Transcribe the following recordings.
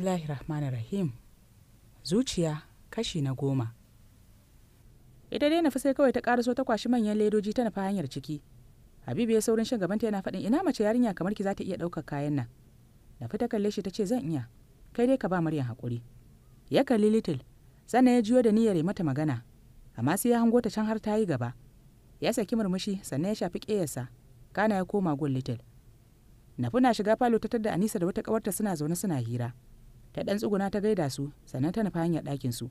bismillahir rahmanir rahim zuciya kashi na goma ita dai fi sai kawai ta karaso ta kwashi manyan ledoji ta nufa hanyar ciki habibu ya saurin shan gabanta yana faɗin ina mace yarinya kamar ki za ta iya ɗaukar kayan nan nafi ta kalle shi ta ce zan iya kai dai ka ba maryam haƙuri ya kalli little sannan ya jiyo da niyyar yi mata magana amma sai ya hango ta can har ta yi gaba ya saki murmushi sannan ya shafi ƙeyarsa kana ya koma gun little nafi na shiga falo ta tadda anisa da wata ƙawarta suna zaune suna hira ta ɗan tsuguna ta gaida su sannan ta nufa hanyar ɗakin su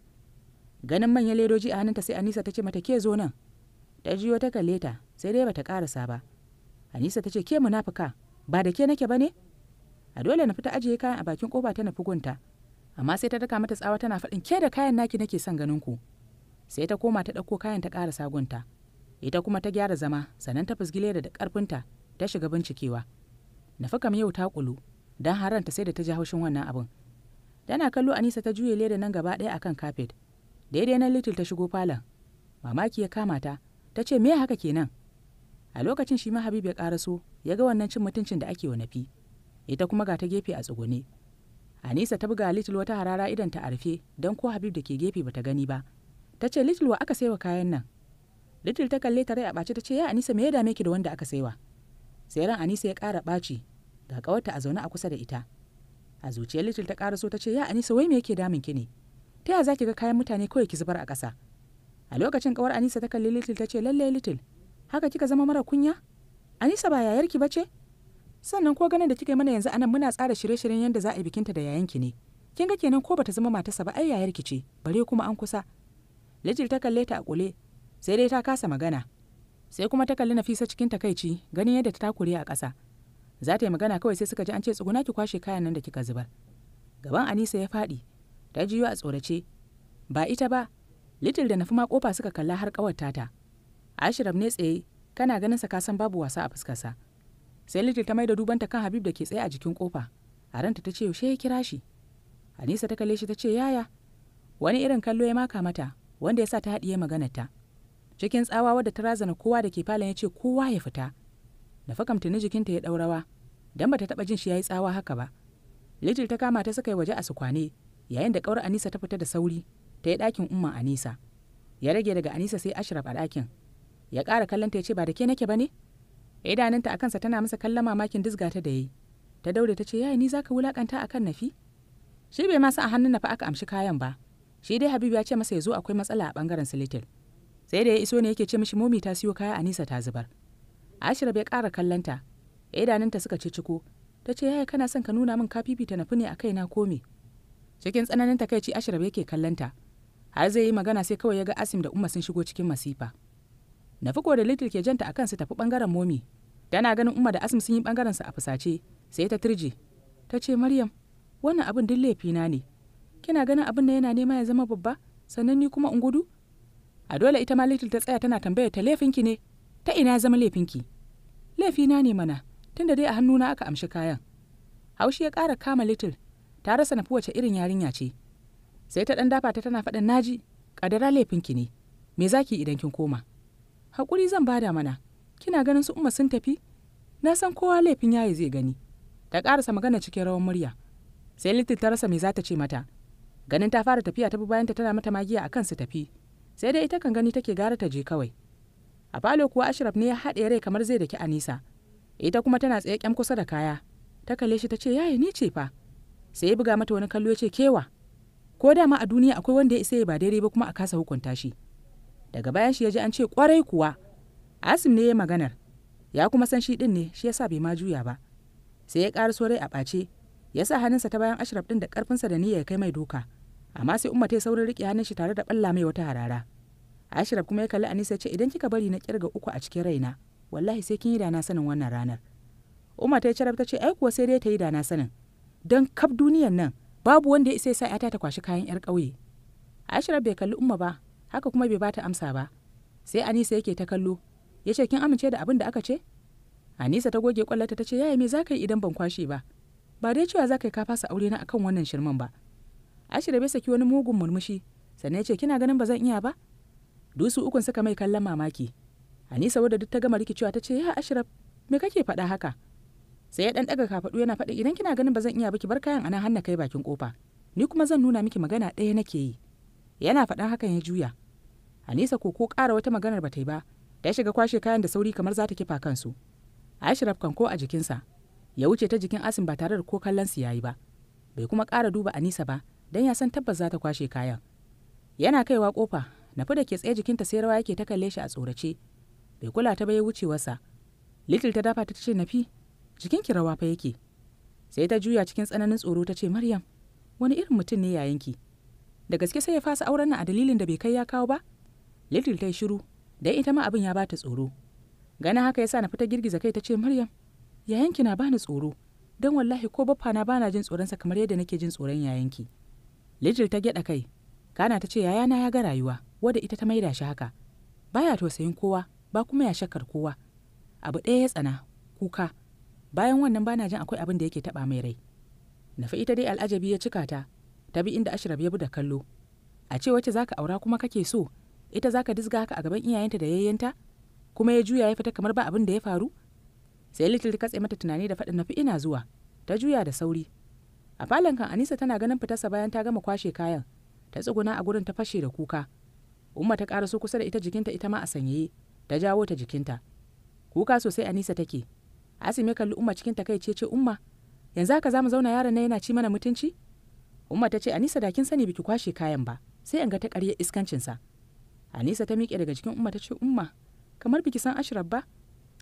ganin manyan ledoji a hannunta sai anisa ta ce mata ke zo nan ta jiyo ta kalle ta sai dai bata karasa ba anisa ta ce ke munafuka ba da ke nake ba ne a dole na fita ajiye kayan a bakin kofa ta nufi gunta amma sai ta daka mata tsawa tana faɗin ke da kayan naki nake son ganin ku sai ta koma ta ɗauko kayan ta ƙara sagunta ita kuma ta gyara zama sannan ta fusgile da ƙarfinta ta shiga bincikewa na fi kam yau ta kulu don haranta sai da ta ji haushin wannan abin tana kallo anisa ta juye leda nan gaba ɗaya akan kafet daidai nan little ta shigo falon mamaki ya kama ta ta ce me haka kenan a lokacin shi ma habib ya so. ya ga wannan cin mutuncin da ake wa nafi ita kuma ga ta gefe a tsugune anisa ta buga little wata harara idan ta arfe don ko habib da ke gefe bata gani ba ta ce little wa aka saiwa kayan nan little ta kalle ta rai a ɓace ta ce ya anisa me ya dame ki da wanda aka saiwa sai ran anisa ya ƙara ɓaci ga ƙawarta a zaune a kusa da ita a zuciyar little ta karaso ta ce ya anisa wai me yake damun ki ne ta ya zaki ga kayan mutane kawai ki zubar a ƙasa a lokacin kawar anisa ta kalli little ta ce lalle little haka kika zama mara kunya anisa ba yayarki ba ce sannan ko ganin da kika mana yanzu anan muna tsara shirye-shiryen yadda za a yi bikinta da yayanki ne kin ga kenan ko bata zama matarsa ba ai yayar ki ce bare kuma an kusa litil ta kalle ta a kule sai dai ta kasa magana sai kuma ta kalli nafisa cikin takaici ganin yadda ta takure a ƙasa za ta yi magana kawai sai suka ji an ce tsuguna ki kwashe kayan nan da kika zubar gaban anisa ya faɗi ta jiyo a tsorace ba ita ba little da nafi ma kofa suka kalla har kawar tata ashiram ne tsaye kana ganin sa kasan babu wasa a fuskarsa sai little ta maida dubanta kan habib da ke tsaye a jikin kofa a ranta ta ce yaushe ya kira shi anisa ta kalle shi ta ce yaya wani irin kallo ya maka mata wanda ya sa ta haɗiye maganarta cikin tsawa wadda ta razana kowa da ke falon ya ce kowa ya fita da fakam tuni jikinta ya ɗaurawa dan bata taɓa jin shi ya yi tsawa haka ba little ta kama ta saka waje a sukwane yayin da kaura anisa ta fita da sauri ta yi ɗakin umma anisa ya rage daga anisa sai ashraf a ɗakin ya ƙara kallon ta ya ce ba da ke nake ba ne idanunta a kansa tana masa kallon mamakin dizga ta da yi ta daure ta ce yaya ni zaka wulakanta kan nafi shi bai masa a hannun nafa aka amshi kayan ba shi dai habibu ya ce masa ya zo akwai matsala a bangaren su little sai da ya iso ne yake ce mishi momi ta siyo kaya anisa ta zubar ashirab ya ƙara kallanta. Idanunta suka ciko. Ta ce yaya kana son ka nuna min ka fifita nafi ne a kaina ko me? Cikin tsananin takaici Ashraf yake kallanta. Har zai yi magana sai kawai ya ga Asim da Umma sun shigo cikin masifa. Nafi ko da Little ke janta akan su tafi bangaren Momi. Tana ganin Umma da Asim sun yi bangaren su a fusace, sai ta turje. Ta ce Maryam, wannan abin duk laifina ne. Kina ganin abin da yana nema ya zama babba, sannan ni kuma in gudu? A dole ita ma Little ta tsaya tana tambayar ta laifinki ne. ta ina zama laifinki laifina ne mana tunda dai a hannu na aka amshi kayan haushi ya ƙara kama little ta rasa nafi wace irin yarinya ce sai ta ɗan dafa ta tana faɗin naji ƙadara laifinki ne me zaki idan kin koma haƙuri zan bada mana kina ganin su umma sun tafi na san kowa laifin yayi zai gani ta ƙarasa magana cikin rawan murya sai little ta rasa me za ta ce mata ganin ta fara tafiya ta bi bayanta tana mata magiya a kan su tafi sai dai ita kan gani take gara ta je kawai a falo kuwa ashraf ne ya haɗe rai kamar zai daki anisa ita kuma tana tsaye kyam kusa da kaya ta kalle shi ta ce yaya ni ce fa sai ya buga mata wani kallo ya ce kewa ko dama a duniya akwai wanda ya isa ya ba daidai ba kuma a kasa hukunta shi daga bayan shi ya ji an ce kwarai kuwa asim ne ya maganar ya kuma san shi din ne shi yasa bai ma juya ba sai ya ƙara rai a ɓace ya sa hannunsa ta bayan ashraf din da ƙarfinsa da niyya ya kai mai doka amma sai umma ta saurin riƙe hannun shi tare da ɓalla mai wata harara ashraf kuma ya kalli anisa ce idan kika bari na kirga uku a cikin raina wallahi sai kin yi da na sanin wannan ranar umma ta yi carab ta ce ai kuwa sai dai ta yi da na sanin don kaf duniyan nan babu wanda ya isa sa yata ta kwashi kayan yar ƙauye ashraf bai kalli umma ba haka kuma bai bata amsa ba sai anisa yake ta kallo ya ce kin amince da abin da aka ce anisa ta goge kwallata ta ce yaya me za ka yi idan ban kwashe ba ba dai cewa za ka yi ka fasa aure na akan wannan shirman ba ashraf ya saki wani mugun murmushi sannan ya ce kina ganin ba zan iya ba Dusu ukun suka mai kallon mamaki anisa wadda duk ta gama rikicewa ta ce ya ashraf me kake faɗa haka sai ya dan daga kafaɗu yana faɗi idan kina ganin ba zan iya baki bar kayan anan hanna kai bakin kofa ni kuma zan nuna miki magana ɗaya nake yi yana faɗa hakan ya juya anisa ko ko ƙara wata maganar ba ta yi ba ta shiga kwashe kayan da sauri kamar za ta kifa kansu ashraf kan ko a jikinsa ya wuce ta jikin asin ba tare da ko kallon su yayi ba bai kuma ƙara duba anisa ba Dan ya san tabbas za ta kwashe kayan yana kaiwa kofa nafi da ke tsaye jikinta sai rawa yake ta kalle shi a tsorace bai kula ta ba ya wuce wasa little ta dafa ta ce nafi ki rawa fa yake sai ta juya cikin tsananin tsoro ta ce maryam wani irin mutum ne yayanki da gaske sai ya fasa auren nan a dalilin da bai kai ya kawo ba little ta yi shiru dan ita ma abin ya bata tsoro Gani haka yasa na ta girgiza kai ta ce maryam yayanki na bani tsoro don wallahi ko baffa na bana jin sa kamar yadda nake jin tsoron yayanki little ta gyada kai kana ta ce yayana ya ga rayuwa wadda ita ta maida shi haka baya tausayin kowa ba kuma ya shakar kowa abu ɗaya ya tsana kuka bayan wannan bana jin akwai abin da yake taɓa mai rai nafi ita dai al'ajabi ya cika ta ta bi inda ashraf ya bi da kallo a ce wacce zaka aura kuma kake so ita zaka dizga haka a gaban iyayenta da yayyanta kuma ya juya ya fita kamar ba abin da ya faru sai little katse mata tunani da faɗin nafi ina zuwa ta juya da sauri a falon kan anisa tana ganin fitarsa bayan ta gama kwashe kayan ta tsuguna a gurin ta fashe da kuka umma ta ƙaraso kusa da ita jikinta ita ma a sanyaye ta jawo ta jikinta kuka sosai a nisa take asime kalli umma cikin kai ce umma yanzu haka za mu zauna yaron na yana ci mana mutunci umma ta ce anisa da kin sani biki kwashe kayan ba sai in ga ta karya iskancinsa anisa ta miƙe daga jikin umma ta ce umma kamar biki san ashirar ba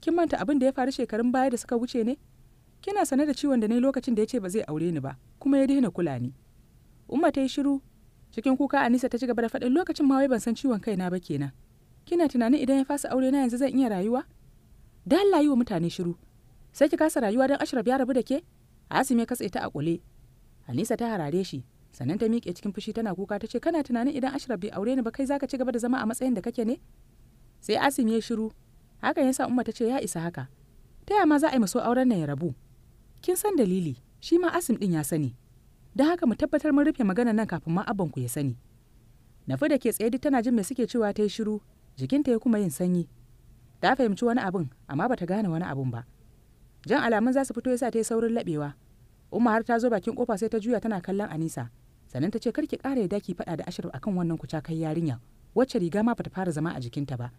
kin manta abin da ya faru shekarun baya da suka wuce ne kina sane da ciwon da na lokacin da ya ce ba zai aure ni ba kuma ya daina kula ni umma ta yi shiru cikin kuka anisa ta ci gaba da faɗin lokacin ma wai ban san ciwon kaina ba kenan kina tunanin idan ya fasa aure na yanzu zan iya rayuwa da Allah yi wa mutane shiru sai ki kasa rayuwa don ashirab ya rabu da ke asime ka tsaye ta a kule anisa ta harare shi sannan ta miƙe cikin fushi tana kuka ta ce kana tunanin idan ashirab bai aure ni ba kai zaka ci gaba da zama a matsayin da kake ne sai asim ya shiru hakan yasa umma ta ce ya isa haka ta ma za a yi maso auren nan ya rabu kin san dalili shi ma asim din ya sani don haka mu tabbatar mun rufe magana nan kafin ma abban ku ya sani nafi da ke tsaye duk tana jin me suke cewa ta yi shiru jikinta ya kuma yin sanyi ta fahimci wani abin amma bata gane wani abin ba jan alamun za su fito yasa ta yi saurin laɓewa umma har ta zo bakin kofa sai ta juya tana kallon anisa sannan ta ce karki kara ya daki faɗa da ashirin akan wannan kai yarinya wacce riga ma bata fara zama a jikinta ba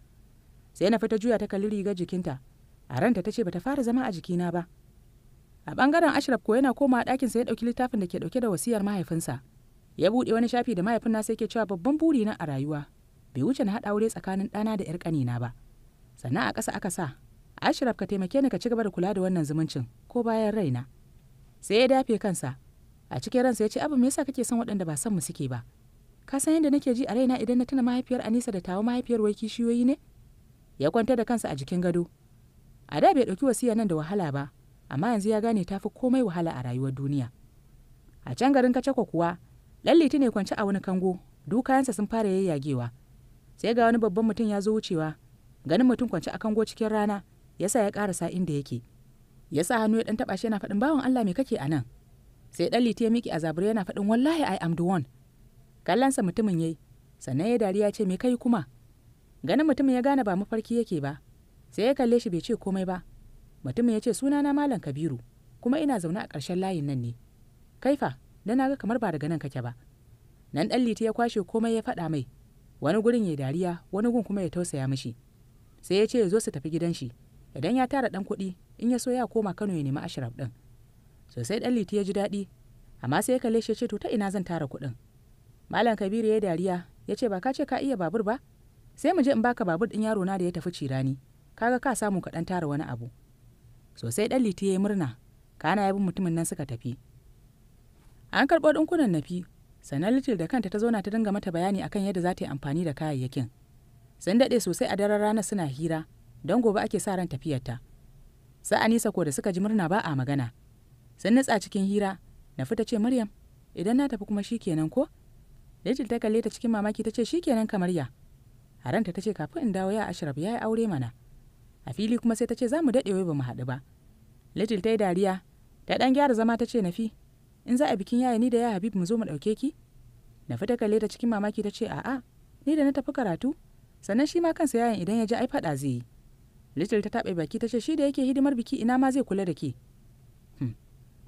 sai na ta juya ta kalli rigar jikinta a ranta ta ce bata fara zama a jikina ba a bangaren ashraf ko yana komawa ɗakinsa ya ɗauki littafin da ke ɗauke da wasiyar mahaifinsa ya buɗe wani shafi da mahaifin nasa yake cewa babban buri na a rayuwa bai wuce na haɗa wuri tsakanin ɗana da 'yar ƙanina ba sannan a ƙasa aka sa ashraf ka taimake ni ka ci gaba da kula da wannan zumuncin ko bayan raina sai ya dafe kansa a cikin ransa ya ce abu me yasa kake son waɗanda ba son mu suke ba ka san yadda nake ji a raina idan na tuna mahaifiyar anisa da tawa mahaifiyar wai kishiyoyi ne ya kwanta da kansa a jikin gado a da bai ɗauki wasiya nan da wahala ba amma yanzu ya gane ta fi komai wahala a rayuwar duniya a can garin kacako kuwa lalliti ne kwance a wani kango duk kayansa sun fara yayyagewa sai ga wani babban mutum ya zo wucewa ganin mutum kwance a kango cikin rana ya sa ya karasa inda yake ya sa hannu ya dan taba shi yana faɗin bawan Allah me kake a nan sai ɗan liti ya miki azabure yana faɗin wallahi I am the one kallansa mutumin yayi sannan ya dariya ce me kai kuma ganin mutumin ya gane ba mafarki yake ba sai ya kalle shi bai ce komai ba mutumin ya ce sunana malam kabiru kuma ina zaune a ƙarshen layin nan ne kaifa da na ga kamar ba daga nan kake ba nan ɗan liti ya kwashe komai ya faɗa mai wani gurin ya dariya wani gun kuma ya tausaya mishi sai ya ce ya zo su tafi gidan shi idan ya tara ɗan kuɗi in ya so ya koma kano ya nemi ashraf ɗin sosai ɗan liti ya ji daɗi amma sai ya kalle shi ya ce to ta ina zan tara kuɗin malam kabiru ya dariya ya ce ba ka ce ka iya babur ba sai mu je in baka babur ɗin yaro na da ya tafi cirani kaga ka samu ka ɗan tara wani abu sosai ɗan liti ya yi murna kana ya bi mutumin nan suka tafi an karɓo ɗinkunan nafi sannan litil da kanta ta zauna ta dinga mata bayani akan yadda za ta yi amfani da kayayyakin sun daɗe sosai a daren rana suna hira don gobe ake sa ran tafiyarta sa'a nisa ko da suka ji murna ba a magana sun nutsa cikin hira na fita ce maryam idan na tafi kuma shikenan ko litil ta kalle ta cikin mamaki ta ce shikenan kamar ya haranta ta ce kafin in dawo ya ashraf ya yi aure mana a fili kuma sai ta ce za mu daɗe wai ba mu haɗu ba little ta yi dariya ta ɗan gyara zama ta ce nafi in za a bikin yaya ni da ya habib mu zo mu ɗauke ki na ta kalle ta cikin mamaki ta ce a'a ni da na tafi karatu sannan shi ma kansa yayan idan ya ji ai faɗa zai yi little ta taɓa baki ta ce shi da yake hidimar biki ina ma zai kula da ke hmm,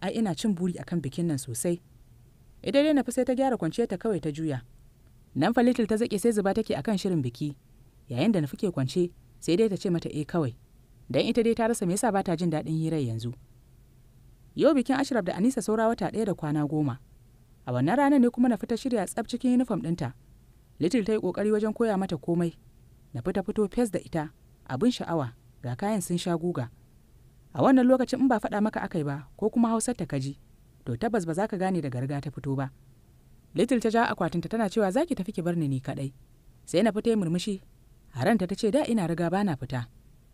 ai ina cin buri akan bikin nan sosai ita dai na fi sai ta gyara kwanciyar ta kawai ta juya nan fa little ta zake sai zuba take akan shirin biki yayin da nafi ke kwance sai dai ta ce mata eh kawai dan ita dai ta rasa me yasa ba ta jin daɗin hirar yanzu yau bikin ashraf da anisa saura wata ɗaya da kwana goma a wannan ranar ne kuma na fita shirya tsaf cikin yunifom ɗinta little ta yi ƙoƙari wajen koya mata komai na fita fito fes da ita abin sha'awa ga kayan sun sha guga a wannan lokacin in ba faɗa maka akai ba ko kuma hausar ta kaji to tabbas ba za ka gane da garga ta fito ba little ta ja akwatinta tana cewa za ki tafi ki bar ni ni kaɗai sai na fita yi murmushi a ranta ta ce da ina riga bana fita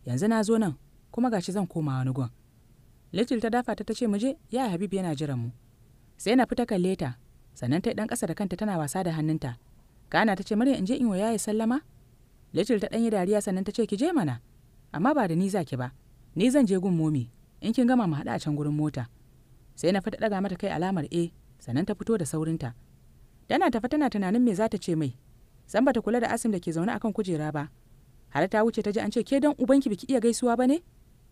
yanzu na zo nan kuma gashi zan koma wani gon little ta dafa ta ta ce mu je ya habibu yana jiran mu sai na fita kalle ta sannan ta dan ƙasa da kanta tana wasa da hannunta kana ta ce murya in je in wa yayi sallama little ta dan yi dariya sannan ta ce ki je mana amma ba da ni za ki ba ni zan je gun momi in kin gama mu haɗu a can gurin mota sai na fita ɗaga mata kai alamar A sannan ta fito da saurinta tana tafa tana tunanin me za ta ce mai san bata kula da asim da ke zaune akan kujera ba har ta wuce ta ji an ce ke dan ubanki biki iya gaisuwa ba ne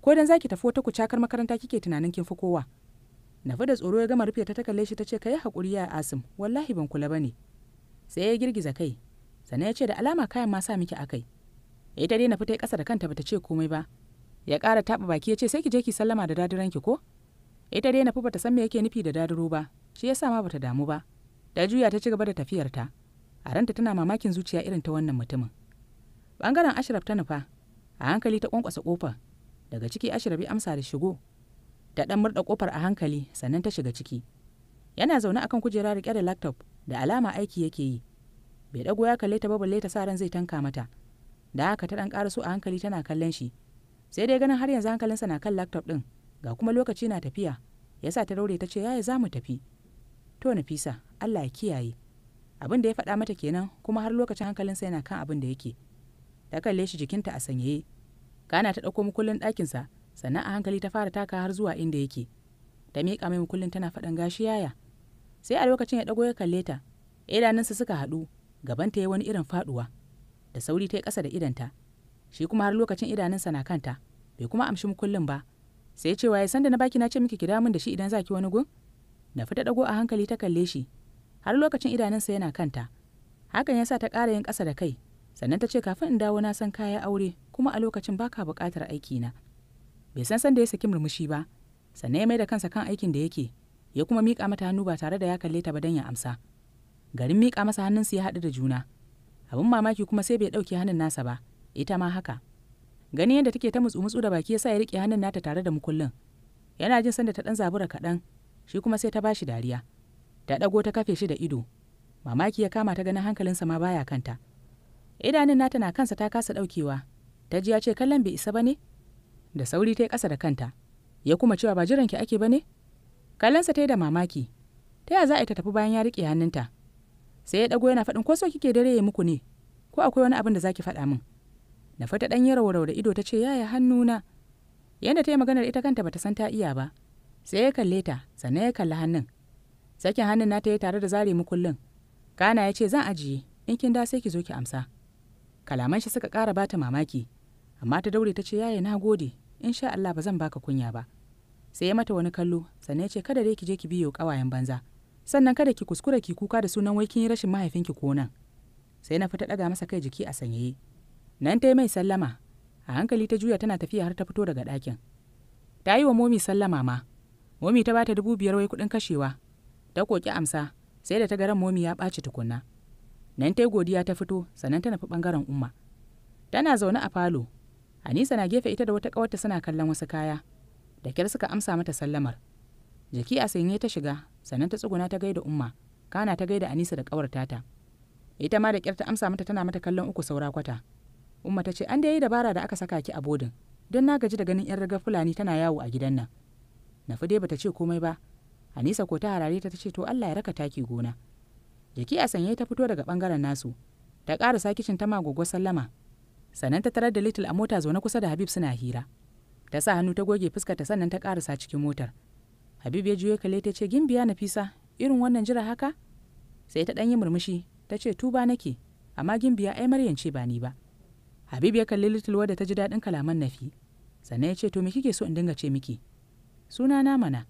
ko dan zaki tafi wata kucakar makaranta kike tunanin kin fi kowa nafi da tsoro ya gama rufe ta ta kalle shi ta ce kai hakuri ya asim wallahi ban kula ba ne sai ya girgiza kai sannan ya ce da alama kayan ma sa miki akai ita dai na fita kasa da kanta bata ce komai ba ya ƙara taɓa baki ya ce sai ki je ki sallama da dadiranki ko ita dai na fi bata san me yake nufi da dadiro ba shi yasa ma bata damu ba ta juya ta ci gaba da tafiyarta. ta a ranta tana mamakin zuciya irin ta wannan mutumin bangaren ashraf ta nufa a hankali ta kwankwasa kofar daga ciki ashraf ya amsa da shigo ta ɗan murda kofar a hankali sannan ta shiga ciki yana zaune akan kujera rike da laptop da alama aiki yake yi bai dago ya kalle ta ba balle ta sa ran zai tanka mata da haka ta ɗan ƙara su a hankali tana kallon shi sai dai ganin har yanzu hankalinsa na kan laptop din ga kuma lokaci na tafiya yasa ta daure ta ce yaya za mu tafi to nafisa allah ya kiyaye abin da ya faɗa mata kenan kuma har lokacin hankalinsa yana kan abin da yake ta kalle shi jikinta a sanyaye kana ta ɗauko mukullin ɗakinsa sannan a hankali ta fara taka har zuwa inda yake ta miƙa mai mukullin tana faɗan gashi yaya sai a lokacin ya ɗago ya kalle ta idanunsa suka haɗu gabanta ya wani irin faɗuwa da sauri ta yi ƙasa da idanta shi kuma har lokacin idanunsa na kanta bai kuma amshi mukullin ba sai cewa ya sanda na baki na ce miki ki da shi idan za wani gun na fita ɗago a hankali ta kalle shi har lokacin idanunsa yana kanta hakan ya sa ta ƙara yin ƙasa da kai sannan ta ce kafin in dawo na san kaya aure kuma a lokacin baka buƙatar aiki na bai san san da ya saki murmushi ba sannan ya mai da kansa kan aikin da yake ya kuma miƙa mata hannu ba tare da ya kalle ta ba dan ya amsa garin miƙa masa hannunsu ya haɗu da juna abin mamaki kuma sai bai ɗauke hannun nasa ba ita ma haka gani yadda take ta mutsu-mutsu da baki yasa ya riƙe hannun nata tare da mukullin yana jin sanda ta ɗan zabura kaɗan shi kuma sai ta bashi dariya ta ɗago ta kafe shi da ido mamaki ya kama ta ganin hankalinsa ma baya kanta idanun nata na kansa ta kasa ɗaukewa ta ji ya ce kallon bai isa ba ne da sauri ta yi ƙasa da kanta ya kuma cewa ba jiran jiranki ake ba ne kallonsa ta yi da mamaki ta ya za a yi ta tafi bayan ya riƙe hannunta sai ya ɗago yana faɗin ko so kike dare ya muku ne ko akwai wani abin da zaki faɗa min na fata ɗan yi rawarau da ido ta ce yaya hannuna yadda ta yi maganar ita kanta bata san ta iya ba sai ya kalle ta sannan ya kalli hannun sakin hannun nata ya tare da zare mu kullum. kana ya ce zan ajiye in kin da sai ki zo ki amsa kalaman shi suka ƙara bata mamaki amma ta daure ta ce yaya na gode in sha Allah ba zan baka kunya ba sai ya mata wani kallo sannan ya ce kada dai ki je ki biyo ƙawayen banza sannan kada ki kuskura ki kuka da sunan wai kin yi rashin mahaifinki ko nan sai na fita daga masa kai jiki a sanyaye nan ta yi mai sallama a hankali ta juya tana tafiya har ta fito daga ɗakin ta yi wa momi sallama ma momi ta bata dubu biyar wai kuɗin kashewa ta koki amsa sai da ta ga momi ya ɓaci tukunna nan ta godiya ta fito sannan ta nufi ɓangaren umma tana zaune a falo anisa na gefe ita da wata ƙawarta suna kallon wasu kaya da kyar suka amsa mata sallamar jiki a sanye ta shiga sannan ta tsuguna ta gaida umma kana ta gaida anisa da ƙawarta tata ita ma da kyar ta amsa mata tana mata kallon uku saura kwata umma ta ce an da yi dabara da aka saka ki a bodin don na gaji da ganin yan rigar fulani tana yawo a gidan nan Na fi dai bata ce komai ba anisa ko ta harare ta ce to allah ya raka taki gona Jaki a sanye ta fito daga bangaren nasu ta ƙarasa kicin ta magogo sallama sannan ta tarar da little a mota zaune kusa da habib suna hira ta sa hannu ta goge ta sannan ta sa cikin motar habib ya juyo kale ta ce gimbiya nafisa irin wannan jira haka sai ta ɗan yi murmushi ta ce tuba nake amma gimbiya ai maryan ce ba ni ba habib ya kalli little wadda ta ji daɗin kalaman nafi sannan ya ce to me kike so in dinga ce miki suna na mana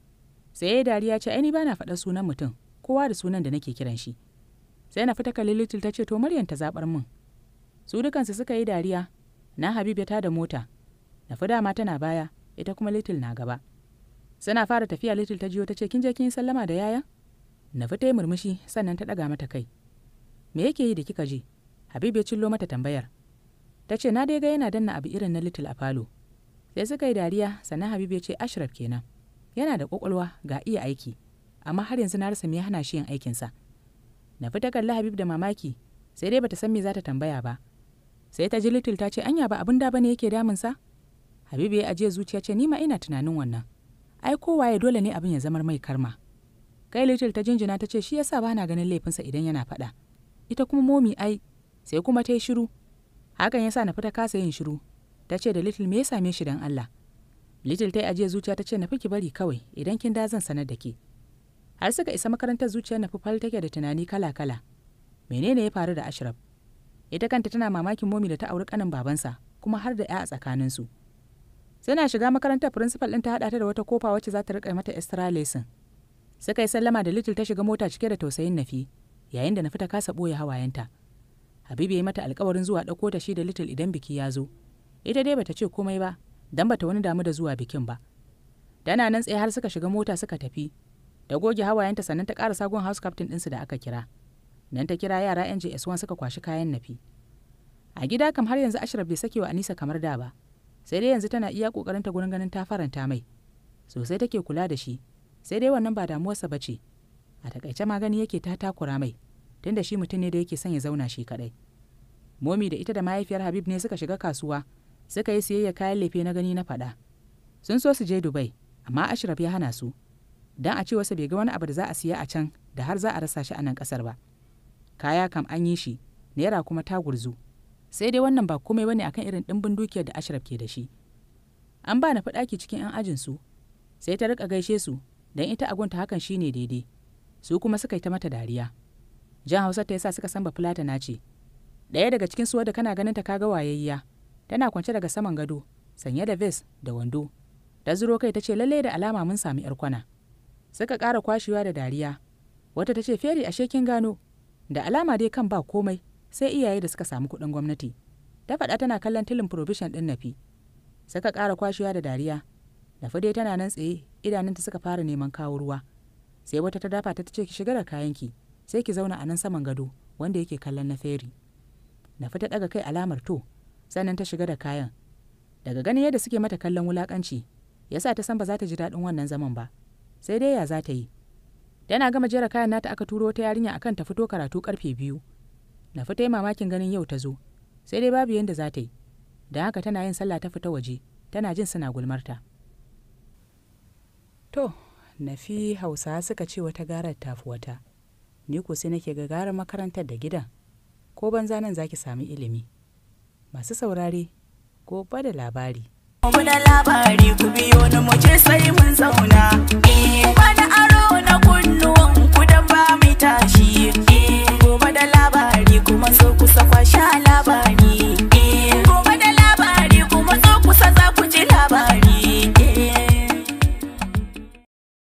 sai ya dariya ce aini bana faɗa sunan mutum kowa da sunan da nake kiran shi sai na fita kalli little ta ce to maryam ta zabar min su dukansu suka yi dariya na habib ya da mota na fi dama tana baya ita kuma little na gaba suna fara tafiya little ta jiyo ta ce kin je kin sallama da yaya na fita murmushi sannan ta daga mata kai me yake yi da kika je habib ya cillo mata tambayar ta ce na dai ga yana danna abu irin na little a falo sai suka yi dariya sannan habib ya ce ashraf kenan yana da kwakwalwa ga iya aiki amma har yanzu na rasa me hana shi yin aikinsa na fita kalli habib da mamaki sai dai bata san me za ta tambaya ba sai ta ji little ta ce anya ba abin da bane yake damun sa habib ya aje zuciya ce ni ma ina tunanin wannan ai kowa ya dole ne abin ya zamar mai karma kai little ta jinjina ta ce shi yasa bana ganin laifinsa idan yana faɗa ita kuma momi ai sai kuma ta yi shiru hakan yasa na fita kasa yin shiru ta ce da little me ya same shi dan Allah Little ta yi ajiyar zuciya ta ce na fi ki bari kawai idan kin da zan sanar da ke. Har suka isa makarantar zuciya na fal take da tunani kala-kala. Menene ya faru da Ashraf? Ita kanta tana mamakin momi da ta auri kanin babansa kuma har da 'ya a tsakaninsu. Suna shiga makarantar principal ɗin ta haɗa ta da wata kofa wacce za ta riƙa mata extra lesson. Suka yi sallama da Little ta shiga mota cike da tausayin Nafi yayin da Nafi ta kasa ɓoye hawayenta. Habibu ya yi mata alkawarin zuwa ɗauko ta shi da Little idan biki ya zo. Ita dai bata ce komai ba, don bata wani damu da zuwa bikin ba dana nan tsaye har suka shiga mota suka tafi da goge hawayenta sannan ta ƙara sagon house captain ɗinsu da aka kira nan ta kira yara yan js1 suka kwashi kayan nafi a gida kam har yanzu ashraf bai sakewa anisa kamar da ba sai dai yanzu tana iya ƙoƙarinta gurin ganin ta faranta mai sosai take kula da shi sai dai wannan ba damuwarsa ba ce a takaice magani yake ta takura mai tunda shi mutum ne da yake son ya zauna shi kaɗai momi da ita da mahaifiyar habib ne suka shiga kasuwa suka yi siyayya kayan lefe na gani na faɗa sun so su je dubai amma ashraf ya hana su don a ce wasa bai ga wani abu da za a siya a can da har za a rasa shi a nan ƙasar ba kaya kam an yi shi naira kuma ta gurzu sai dai wannan ba komai bane akan irin ɗimbin dukiyar da ashraf ke da shi an ba na faɗaki cikin 'yan ajin su sai ta rika gaishe su don ita agunta hakan shine daidai su kuma suka yi ta mata dariya jan hausa ta yasa suka san ba fulata na ce ɗaya daga cikin su wadda kana ganin ta kaga wayayya tana kwance daga saman gado sanye da ves da wando ta zuro kai ta ce lallai da alama mun sami yar kwana suka ƙara kwashewa da dariya wata ta ce feri ashe kin gano da alama dai kan ba komai sai iyaye da suka samu kuɗin gwamnati ta faɗa tana kallon tilin provision ɗin nafi suka ƙara kwashewa da dariya nafi dai tana nan tsaye idanunta suka fara neman kawo ruwa sai wata ta dafa ta ce ki shiga da kayanki sai ki zauna a nan saman gado wanda yake kallon na feri nafi ta ɗaga kai alamar to sannan ta shiga da kayan daga ganin yadda suke mata kallon wulakanci ya sa ta san ba za ta ji daɗin wannan zaman ba sai dai ya za ta yi tana gama jera kayan nata aka turo ta yarinya akan ta fito karatu karfe biyu na fita yi mamakin ganin yau ta zo sai dai babu yadda za ta yi da haka tana yin sallah ta fita waje tana jin suna gulmarta to na fi hausa suka ce wata garar tafi wata ni ko sai nake ga gara makarantar da gidan ko banza nan zaki sami ilimi masu saurare gobe da labari mu da labari ku biyo ni mu je sai mun zauna eh da aro na kunnuwan ku da ba mai tashi eh, gobe da labari kuma so ku sakwa labari eh gobe da labari kuma so ku sa za ku ji labari